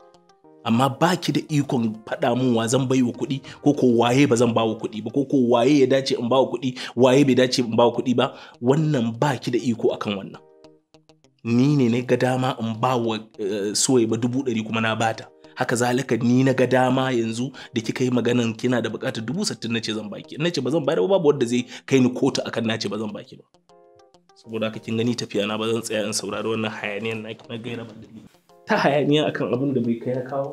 amma ba ki da ikon faɗa min wa zan baiwa kuɗi ko ko waye ba zan bawa kuɗi ba ko ko waye ya dace in bawa kuɗi waye bai dace in bawa kuɗi ba wannan ba ki da iko akan wannan ni ne na ga dama in ba wa ba dubu ɗari kuma na bata haka zalika ni na ga dama yanzu da kika yi maganan kina da buƙatar dubu sittin na ce zan baki na ce ba zan bayar ba babu wanda zai kai ni kotu akan na ce ba zan baki ba saboda haka kin gani tafiya na ba zan tsaya in saurari wannan hayaniyan na gaira ba dalili ta hayaniya akan abin da bai kai na kawo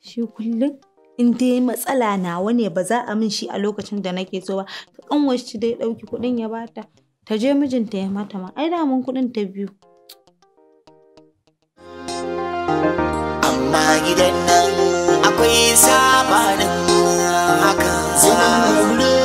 shi kullum in dai matsala nawa ne ba za a min shi a lokacin da nake so ba kan wasu dai ɗauki kuɗin ya bata ta je mijinta ya mata ma ai damun kuɗin ta biyu amma gidan nan akwai sabanin hakan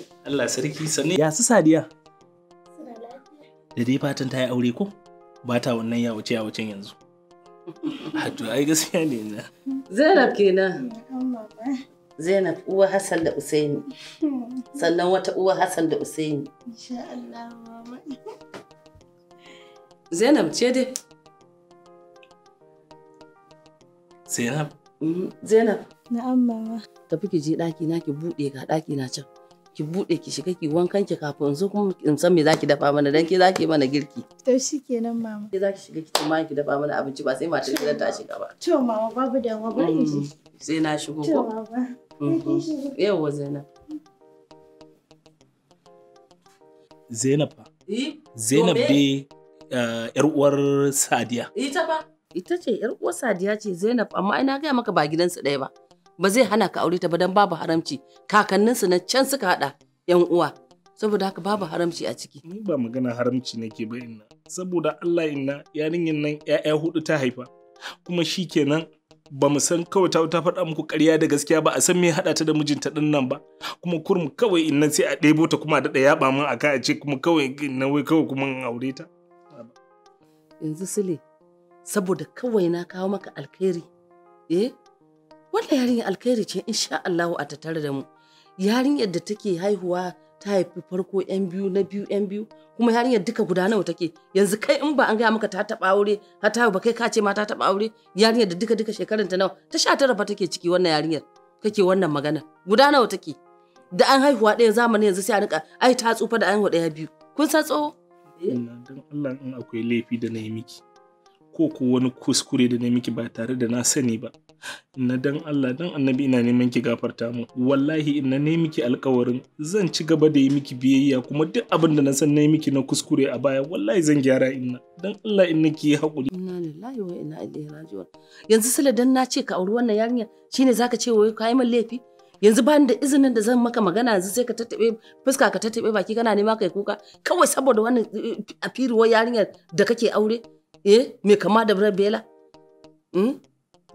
Allah sarki sani Ya su Sadiya? Da dai fatan ta yi aure ko? Ba ta wannan ya wuce ya wucen yanzu. Hajjo ai gaskiya ne na. Zainab kenan. Mm, Zainab uwa Hassan da Usaini. Mm. Sannan wata uwa Hassan da Usaini. Insha Allah mama. Zainab ce dai. Zainab. Mm, Zainab. Na'am mama. Tafi ki je ɗaki na ki buɗe ga ɗaki na can. ki bude ki shiga ki wankan ki kafin in zo kuma in san me zaki dafa mana dan ke zaki mana girki to shikenan mama ke zaki shiga ki ma ki dafa mana abinci ba sai matar ki ta shiga ba to mama babu da wa ba sai na shigo ko to mama mm-hmm. yawa zainab zainab ba zainab dai eh, yar uwar sadiya ita ba ita ce yar uwar sadiya ce zainab amma ina ga maka ba gidansu ɗaya ba ba zai hana ka aure ta ba dan babu haramci kakanninsu na can suka haɗa yan uwa saboda haka babu haramci a ciki. Ni ba magana haramci nake ba inna saboda Allah inna yarinyar nan ‘ya'ya hudu ta haifa kuma shi kenan ba mu san kawai ta ta faɗa muku ƙarya da gaskiya ba a san me haɗa ta da mijinta ɗin nan ba kuma kurum kawai inna sai a ɗebo ta kuma daɗa yaɓa min a kai a ce kuma kawai inna wai kawai kuma in aure ta. Yanzu Sule saboda kawai na kawo maka alkhairi eh wannan yarinyar alkhairi ce in sha Allahu a tattare da mu yarinyar da take haihuwa ta haifi farko yan biyu na biyu yan biyu kuma yarinyar duka guda nawa take yanzu kai in ba an gaya maka ta taba aure ha ta ba kai ka ce ma ta taba aure yarinyar da duka duka shekarun ta nawa ta sha tara fa take ciki wannan yarinyar kake wannan magana guda nawa take da an haihuwa ɗaya zamani yanzu sai a rika ai ta tsufa da an haihuwa ɗaya biyu kun san tsoho don Allah in akwai laifi da na yi miki ko ko wani kuskure da na miki ba tare da na sani ba na dan Allah dan annabi ina neman ki gafarta mu wallahi ina ne miki alkawarin zan ci gaba da yi miki biyayya kuma duk abin da na san na yi miki na kuskure a baya wallahi zan gyara inna dan Allah inna ki yi hakuri inna lillahi wa inna ilaihi raji'un yanzu sala dan na ce ka auri wannan yarinya shine zaka ce wai kai min laifi yanzu ba da izinin da zan maka magana yanzu sai ka tattaɓe fuska ka tattaɓe baki kana nema kai kuka kawai saboda wannan eh, afiruwar yarinyar da kake aure eh me kama da bela hmm?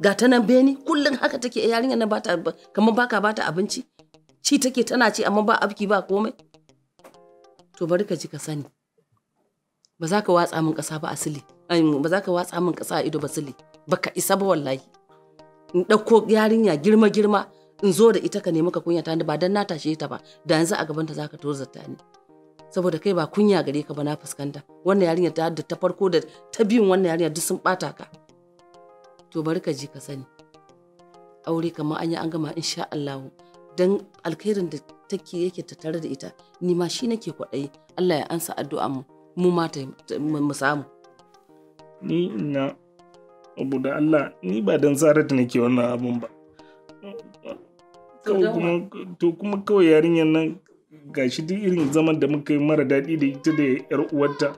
ga ta nan beni kullum haka take a eh, yarinyar nan bata kamar baka bata abinci ci take tana ci amma ba abki ba komai to bari ka ji ka sani ba za ka watsa min kasa ba asili ba za ka watsa min kasa ido ba asili baka isa ba wallahi in ɗauko yarinya girma girma in zo da ita ka nemi ka kunya ta ba dan na tashe ta ba da yanzu a gaban ta za ka tozar ta ni saboda kai ba kunya gare ka ba na fuskanta wannan yarinya ta da ta farko da ta biyun wannan yarinya duk sun bata ka to bari ka ji ka sani aure kamar an yi an gama insha Allah dan alkhairin da take yake tattare da ita ni ma shi nake kwaɗayi Allah ya ansa addu'a mu mu ma mu samu ni ina abu da Allah ni ba dan zara da nake wannan abun ba to kuma kawai yarinyar nan gashi duk irin zaman da muka yi mara daɗi da ita da yar uwarta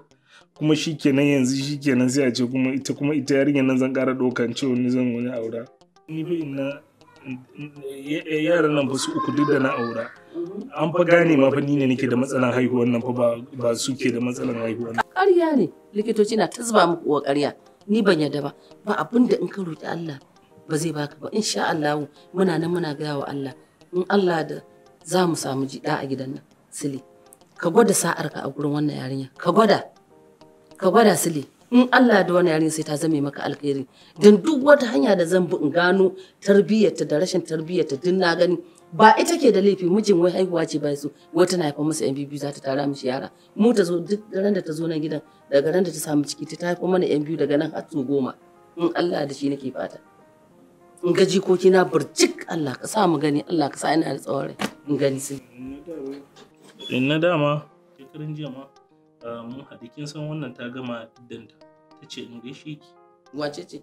kuma shi kenan yanzu shi kenan sai a ce kuma ita kuma ita yarinyar nan zan kara ɗaukan cewa ni zan wani aura ni fi ina yaran nan ba su uku duk da na aura an fa gane ma fa ni ne nake da matsalan haihuwar nan fa ba su ke da matsalan haihuwar nan ƙarya ne likitoci na ta zuba muku wa ƙarya ni ban yarda ba ba abin da in ka roƙi Allah ba zai baka ba insha Allah muna nan muna ga wa Allah in Allah da za mu samu jida a gidan nan sile ka gwada sa'arka a gurin wannan yarinya ka gwada ka gwada su in Allah da wani yarin sai ta zame maka alkhairi don duk wata hanya da zan bi in gano tarbiyyarta da rashin tarbiyyarta din na gani ba ita ke da laifi mijin wai haihuwa ce ba su wata na haifa masa yan biyu za ta tara mishi yara mu ta zo duk ran da ta zo nan gidan daga ran da ta samu ciki ta haifa mana yan biyu daga nan har su goma in Allah da shi nake fata in ga jikoki na burjik Allah ka sa mu gani Allah ka sa ina da tsawon in gani su in na dama shekarun jiya ma mun haɗu kin san wannan ta gama danta ta ce in gaishe ki wace ce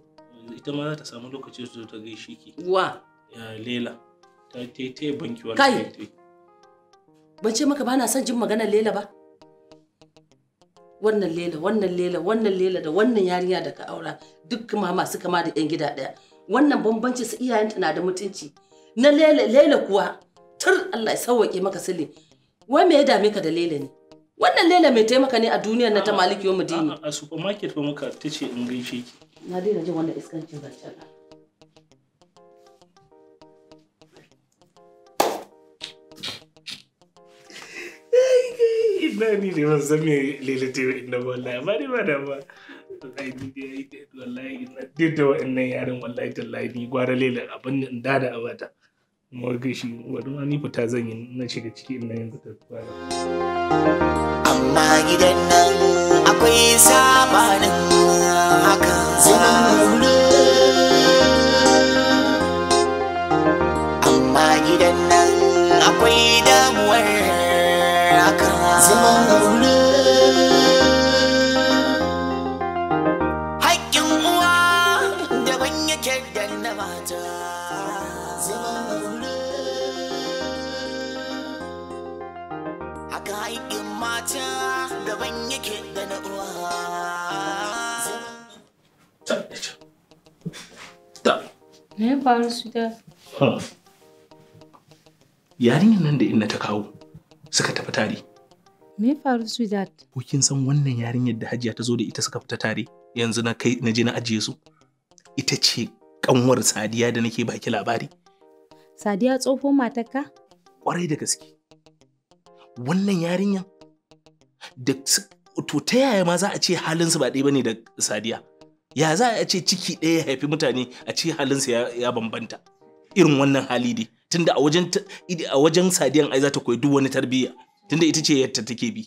ita ma za ta samu lokaci su ta gaishe ki wa lela ta ta banki wani kai ban ce maka ba na son jin magana lela ba wannan lela wannan lela wannan lela da wannan yarinya da ka aura duk ma masu kama da yan gida ɗaya wannan bambanci su iyayenta na da mutunci na lela lela kuwa tur Allah ya sauwaƙe maka sile wai me ya dame ka da lela ne wannan lela mai taimaka ne a duniyar na ta maliki yau dini a supermarket fa muka ta ce in gaishe ki na daina jin wannan iskancin zancen ina ni ne ban san me lele ta yi inda wallahi ba ni ba da ba wallahi ni da yayi wallahi ina da wa'annan yaran wallahi tallahi ni gwara lele abin da da abata morgashi wani ma ni fita zan yi na shiga ciki ina yin fitar kwana. amma gidan nan akwai sabanin hakan zaune Me ya faru su da? Yarinyar nan da inna ta kawo suka tafi tare. Me ya faru su da? Ko kin san wannan yarinyar da Hajiya ta zo da ita suka fita tare yanzu na kai na je na ajiye su. Ita ce kanwar Sadiya da nake baki labari. Sadiya tsoho matarka? Kwarai da gaske. Wannan yarinyar da to ta yaya ma za a ce halinsu ba ɗaya bane da Sadiya. ya za a ce ciki ɗaya ya haifi mutane a ce halinsa ya bambanta irin wannan hali dai tunda a wajen a wajen sadiyan ai za ta koyi duk wani tarbiyya tunda ita ce yadda take bi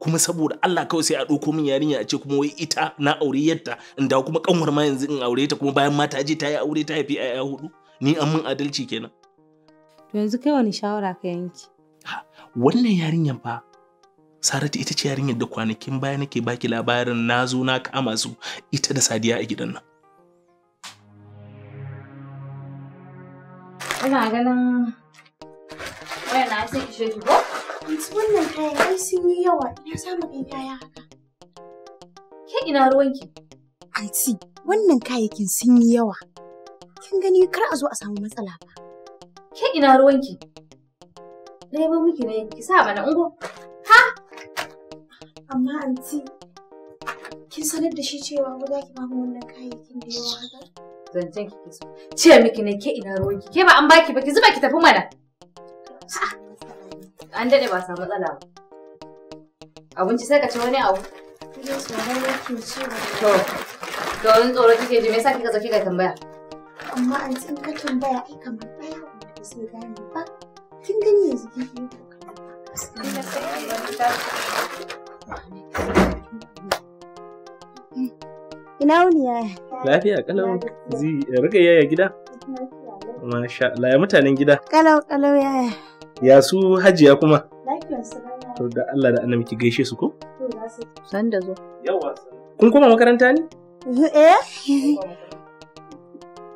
kuma saboda Allah kawai sai a ɗauko min yarinya a ce kuma wai ita na aure yadda in da kuma kanwar ma yanzu in aure ta kuma bayan mata ta je ta yi aure ta haifi ƴaƴa hudu ni an mun adalci kenan to yanzu kai wani shawara ka yanki wannan yarinyan fa Saratu ita ce yarinyar da kwanakin baya nake baki labarin na zo na kama su ita da Sadiya a gidan nan. Ina ganin waya na sai ishe ki ko? Yanzu wannan kayan kai sun yi yawa ina samu ɗan kaya haka. Ke ina ruwan ruwanki? ci wannan kayayyakin sun yi yawa. Kin gani kar a zo a samu matsala ba. Ke ina ruwanki? Ɗaya ba miki ne ki sa bana ungo. Amma anti, kin sanar da shi cewa ko za ki bamu wannan kayayyakin da yawa haka? Zancen ki so. Ce miki ne ke ina ruwanki, ke ba an baki ba ki zuba ki tafi mana. An dade ba samu matsala ba. Abinci sai ka ci wani abu. To, to wani tsoro kike ji me yasa kika zo kika tambaya? Amma anti in ka tambaya ai kamar ɗaya wanda ba sai gane ba. Kin gani yanzu kike yi. Gaskiya. Ina wuni yaya? Lafiya kalau zi rika yaya gida? Masha Allah ya mutanen gida. Kalau kalau yaya. Ya su hajiya kuma? To da Allah da annabi ki gaishe su ko? San da zo. Yawa. Kun koma makaranta ne? Eh.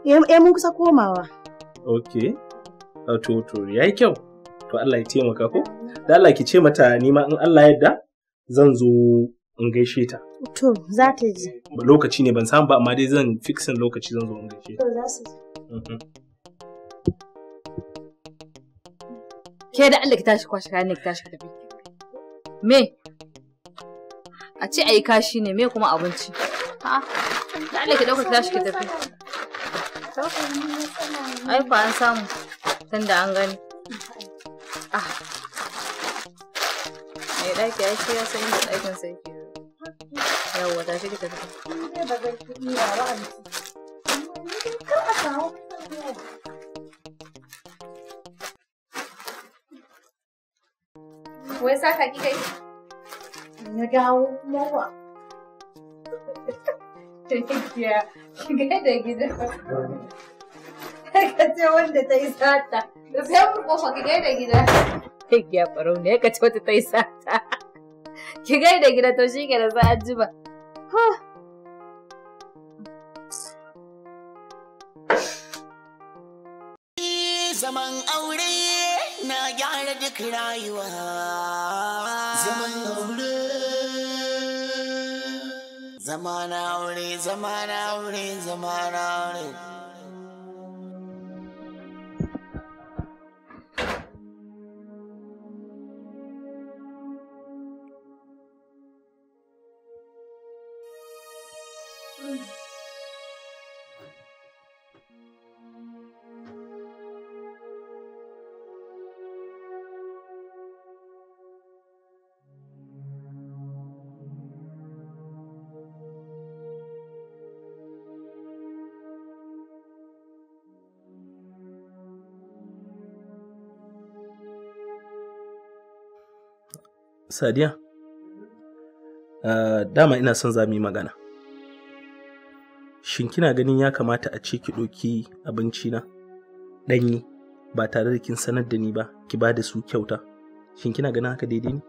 Eh, eh mun kusa komawa. Okay. Ah, to to yayi kyau. To Allah ya taimaka ko? Da Allah ki ce mata ni ma in Allah yadda zan zo in gaishe ta. To, za ta ji. Lokaci ne ban samu ba amma dai zan fixin lokaci zan zo in gaishe. To, za su ji. Mhm. Ke da Allah ki tashi kwashe kayan ki tashi ka tafi. Me? A ce a yi kashi ne, me kuma abinci? Ha? Da Allah ki dauka ki tashi ki tafi. Ai fa an samu tunda an gani. Ah. Mai ɗaki ya ce ya san inda ɗakin sai ke. yawwa ta shi kita ce ta yi sata ne ka yi sata ki gaida gida to shi ke da za jiba. Zaman aure na gyara duk rayuwa. Zaman aure. zaman aure, zaman aure, aure. Sadiya, ah, dama ina son za mu yi magana. Shin kina ganin ya kamata a ce ki ɗauki abinci na ɗanyi ba tare da kin sanar da ni ba ki ba da su kyauta. Shin kina ganin haka daidai ne?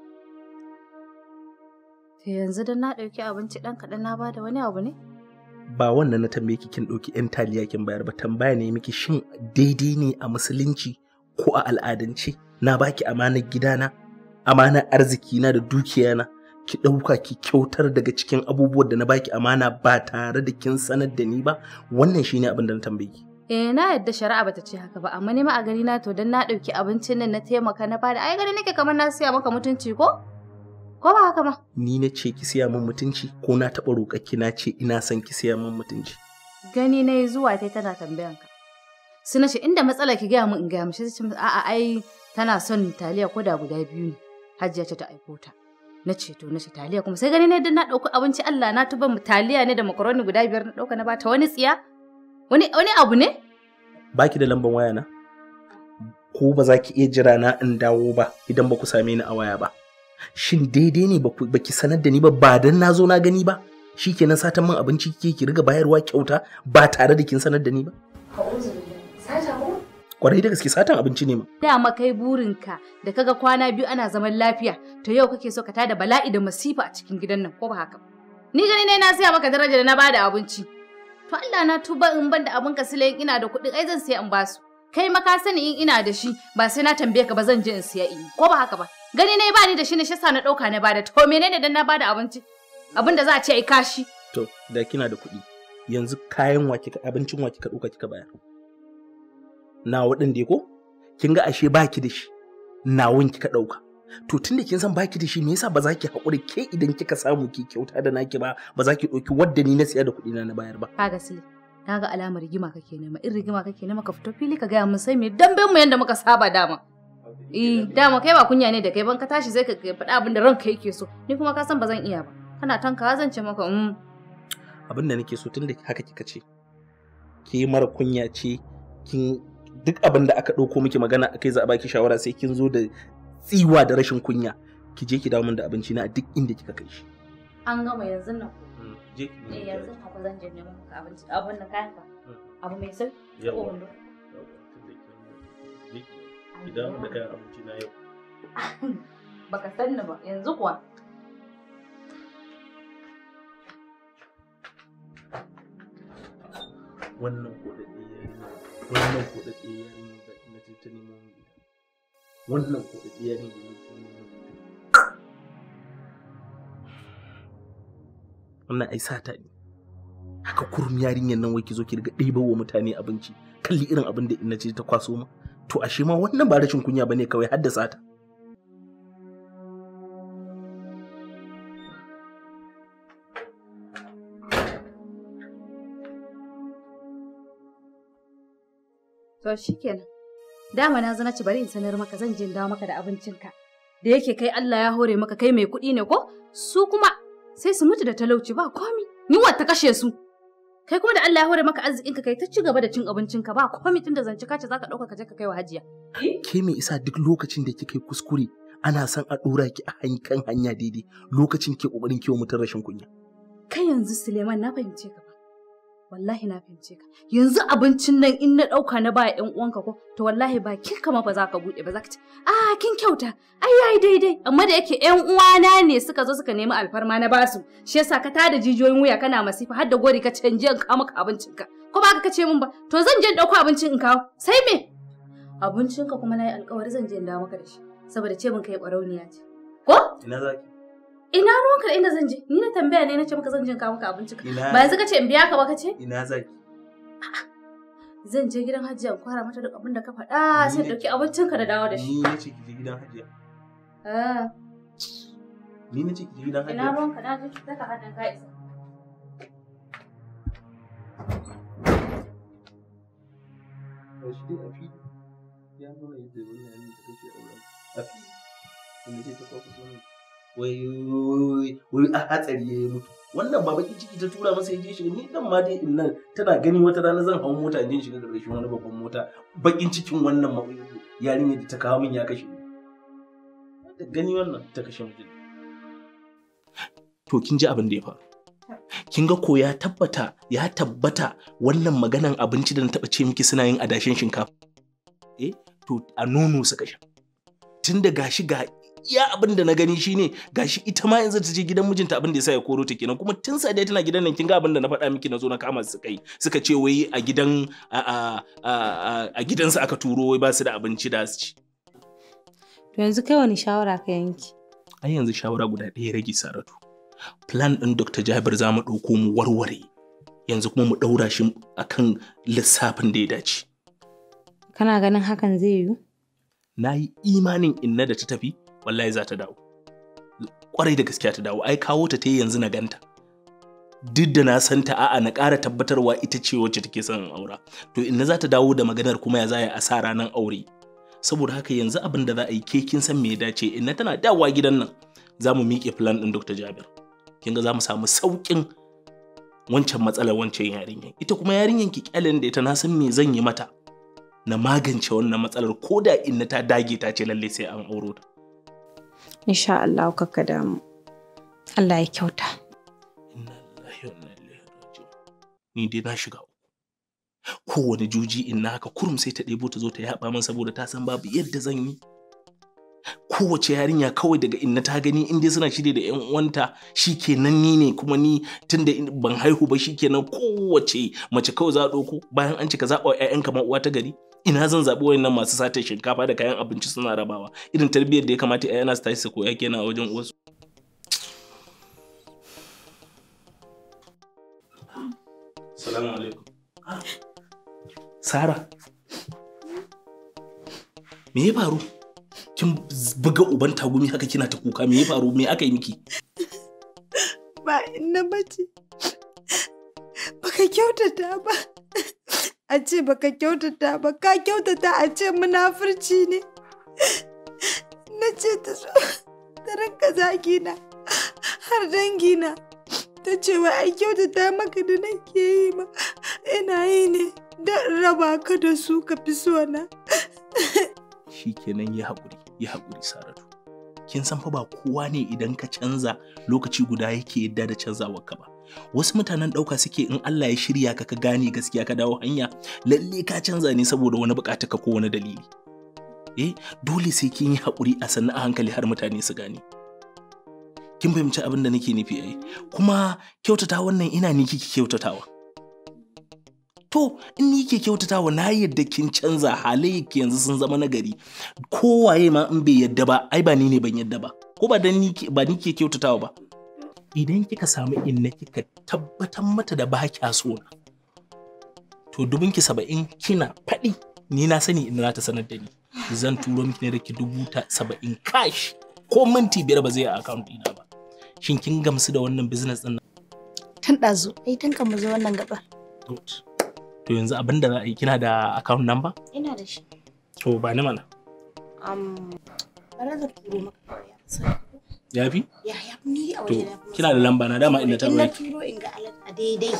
To yanzu don na ɗauki abinci ɗan kaɗan na ba da wani abu ne? Ba wannan na tambaye ki kin ɗauki 'yan taliya kin bayar ba tambaya ne miki shin daidai ne a musulunci ko a al'adance na baki amanar gidana amanar arziki na da dukiya na ki ɗauka ki kyautar daga cikin abubuwan da na baki amana ba tare da kin sanar da ni ba wannan shine abin da na tambayi. eh na yadda shari'a bata ce haka ba amma ne ma a gani na to dan na ɗauki abincin nan na taimaka na bada ai gani nake kamar na siya maka mutunci ko ko ba haka ba ni na ce ki siya min mutunci ko na taɓa ki na ce ina son ki siya min mutunci gani na zuwa tai tana tambayan ka su na ce inda matsala ki gaya min in gaya mishi a'a ai tana son taliya ko da guda biyu ne hajiya ce ta aiko ta na ce to na ce taliya kuma sai gani ne da na ɗauki abinci Allah na tuba mu taliya ne da makaroni guda biyar na dauka na bata wani tsiya wani wani abu ne baki da lamban waya na ko ba za ki iya jira na in dawo ba idan ba ku same ni a waya ba shin daidai ne ba ki sanar da ni ba ba dan na zo na gani ba shikenan satan man abinci kike ki riga bayarwa kyauta ba tare da kin sanar da ni ba kwarai da gaske satan abinci ne ma. Dama kai burinka da kaga kwana biyu ana zaman lafiya to yau kake so ka tada bala'i da masifa a cikin gidan nan ko ba haka Ni gani ne na siya maka daraja da na bada abinci. To Allah na tuba in ban da abin ka silayin ina da kuɗi ai zan siya in basu. Kai ma ka sani in ina da shi ba sai na tambaye ka ba zan je in siya in ko ba haka ba. Gani ne ba ni da shi ne shasa na ɗauka na bada to menene dan na bada abinci? Abin da za a ce ai kashi. To da kina da kuɗi yanzu kayan wa kika abincin wa kika ɗauka kika bayar. nawa ɗin dai ko kin ga ashe baki da shi nawun kika ɗauka to tunda kin san baki da shi me yasa ba za ki haƙuri ke idan kika samu ki kyauta da naki ba ba za ki ɗauki wadda ni na siya da kuɗi na na bayar ba kaga sile kaga alamar rigima kake nema in rigima kake nema ka fito fili ka gaya mun sai me damben mu yanda muka saba dama eh dama kai ba kunya ne da kai ban ka tashi sai ka faɗa abin da ranka yake so ni kuma ka san ba zan iya ba kana tankawa zan ce maka um abin da nake so tunda haka kika ce ke mara kunya ce kin duk abin da aka ɗauko miki magana akai za a baki shawara sai kin zo da tsiwa da rashin kunya ki je ki dawo min da abinci na a duk inda kika kai shi an gama yanzu nan mm, je ki ne eh, yanzu nan ku zan je neman maka abinci abin da kayan ka mm. abu mai sai ko wando idan da kayan abinci na yau baka sanni ba yanzu kuwa wannan kodin wannan kuɗaɗe yarin da na je ta nemo min ita wannan kuɗaɗe yarin da na je nemo min ita wannan ai sata ne haka kurum yarinyar nan wai ki zo ki riga ɗiba wa mutane abinci kalli irin abin da na je ta kwaso ma to ashe ma wannan ba rashin kunya bane kawai haddasa ta To kenan, Dama na zana ci bari in sanar maka zan jin dawo maka da ka Da yake kai Allah ya hore maka kai mai kuɗi ne ko? Su kuma sai su mutu da talauci ba komi. ni wata kashe su. Kai kuma da Allah ya hore maka arzikinka kai ta ci gaba da cin ka ba komi tunda da zance ka ce zaka ɗauka ka je ka kai wa hajiya. Ke me isa duk lokacin da kika yi kuskure ana son a ɗora ki a kan hanya daidai lokacin ke ƙoƙarin kiwo mutum rashin kunya. Kai yanzu Suleiman na fahimce ka wallahi na fahimce ka yanzu abincin nan in na ɗauka na ba yan uwanka ko to wallahi ba kin kama ba za ka bude ba za ka ce ah kin kyauta ai yayi daidai amma da yake yan uwana ne suka zo suka nemi alfarma na basu shi yasa ka tada jijiyoyin wuya kana masifa har da gori ka canje in kawo maka abincin ka ko ba ka ce min ba to zan je dauko abincin in kawo sai me abincin ka kuma nayi alƙawari zan je in maka da shi saboda ce min kai ƙwarauniya ce ko ina zaki ina ruwanka da inda zanje? ni na tambaya ne na ce maka zanje ka maka abinci ba yanzu ka ce in biya ka ba ka ce ina zaki zan je gidan hajiya in kwara mata duk abin da ka faɗa sai dauki abincinka da dawo da shi ni nace ki je gidan hajiya ah ni nace ki je gidan hajiya ina ruwanka na je ka hada ka isa shi dai a fili ya nuna yadda wani yayin da kake auren a fili inda ce ta kwakwasa ne wai a hatsari ya mutu wannan ba baki ciki ta tura masa ya je shiga ni dan ma dai in nan tana gani wata rana zan hau mota in je shiga rashin wani babban mota bakin cikin wannan mabuyi yarinya da ta kawo min ya kashe ni da gani wannan ta kashe mu to kin ji abin da ya faru kin ga ko ya tabbata ya tabbata wannan maganan abinci da na taba ce miki suna yin adashin shinkafa eh to a nono suka sha tun da gashi ga iya abin da na gani shine gashi ita ma yanzu ta je gidan mijinta abin da yasa ya koro ta kenan kuma tun sadiya tana gidan nan kin ga abin da na faɗa miki na zo na kama su kai suka ce wai a gidan a gidansu aka turo wai ba su da abinci da su ci to yanzu kai wani shawara ka yanki ai yanzu shawara guda ɗaya rage saratu plan din dr jabir za mu ɗauko mu warware yanzu kuma mu ɗaura shi akan lissafin da ya dace kana ganin hakan zai yiwu na yi imanin inna da ta tafi wallahi za ta dawo kwarai da gaskiya ta dawo ai kawo ta ta yanzu na ganta duk da na san ta a'a na ƙara tabbatarwa ita ce wacce take son aura to inna za ta dawo da maganar kuma ya za a sa ranar aure saboda haka yanzu abin da za a yi ke kin san me ya dace inna tana dawowa gidan nan za mu miƙe plan ɗin Dr. Jabir kin ga za mu samu sauƙin wancan matsalar wancan yarinyar ita kuma yarinyar ki kyalen da ita na san me zan yi mata na magance wannan matsalar ko da inna ta dage ta ce lallai sai an auro ta insha Allah ka damu Allah ya kyauta ni dai na shiga kowane juji in na haka kurum sai ta ɗebo ta zo ta yaba min saboda ta san babu yadda zan yi kowace yarinya kawai daga inna ta gani in dai suna shirya da yan uwanta shikenan ni ne kuma ni tunda ban haihu ba shikenan kowace mace kawai za a ɗauko bayan an cika zaɓa 'ya'yan kamar uwa ta gari ina zan zaɓi wayannan masu satar shinkafa da kayan abinci suna rabawa irin tarbiyyar da ya kamata ƴaƴana su tashi su koya kenan a wajen wasu. Salamu alaikum. Sara. Me ya faru? Kin buga uban tagumi haka kina ta kuka me ya faru me aka yi miki? Ba inna bace. Baka kyautata ba. a ce baka kyautata ba ka kyautata a ce munafurci ne na ce ta so ta rinka zaki na har dangi na ta ce wa ai kyautata maka da nake yi ma ina yi ne don raba ka da su ka fi so na shi kenan ya haƙuri ya haƙuri saratu kin san fa ba kowa ne idan ka canza lokaci guda yake yadda da canzawa ka ba wasu mutanen ɗauka suke in Allah ya shirya ka ka gane gaskiya ka dawo hanya lalle ka canza ne saboda wani bukata ka ko wani dalili eh dole sai kin yi hakuri a sannan a hankali har mutane su gane kin fahimci abin da nake nufi ai kuma kyautata wannan ina ni kike kyautatawa to in ni ke kyautatawa na yadda kin canza ki yanzu sun zama nagari kowaye ma in bai yadda ba ai ba ni ne ban yadda ba ko ba dan ba ni ke kyautatawa ba idan kika samu inna kika tabbatar mata da ba kya so na to dubin ki saba'in kina faɗi ni na sani inna za ta sanar da ni zan turo miki ne da ki dubu ta saba'in cash ko minti biyar ba zai a account ɗina ba shin kin gamsu da wannan business din tan ɗazu ai eh, tan kan mu zo wannan gaba to yanzu abin da za a yi kina da account number ina da shi to ba ni mana um bara da turo maka ya fi? ya ya ni a wajen kina da lamba na dama inda ta baki. turo in ga a daidai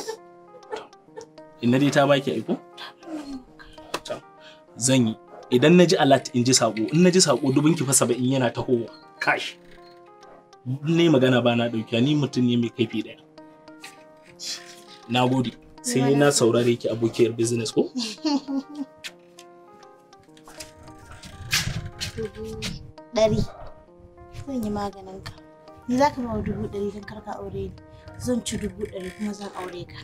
inna dai ta baki aiko? zan yi idan na ji alert in ji sako in na ji sako dubin ki fa saba'in yana tahowa kash ne magana ba na ɗauki ni mutum ne mai kaifi ɗaya na gode sai na saurare ki abokiyar business ko? ɗari zan yi maganin ka. Ni za ka ba dubu ɗari don kar ka aure ni. Zan ci dubu ɗari kuma zan aure ka.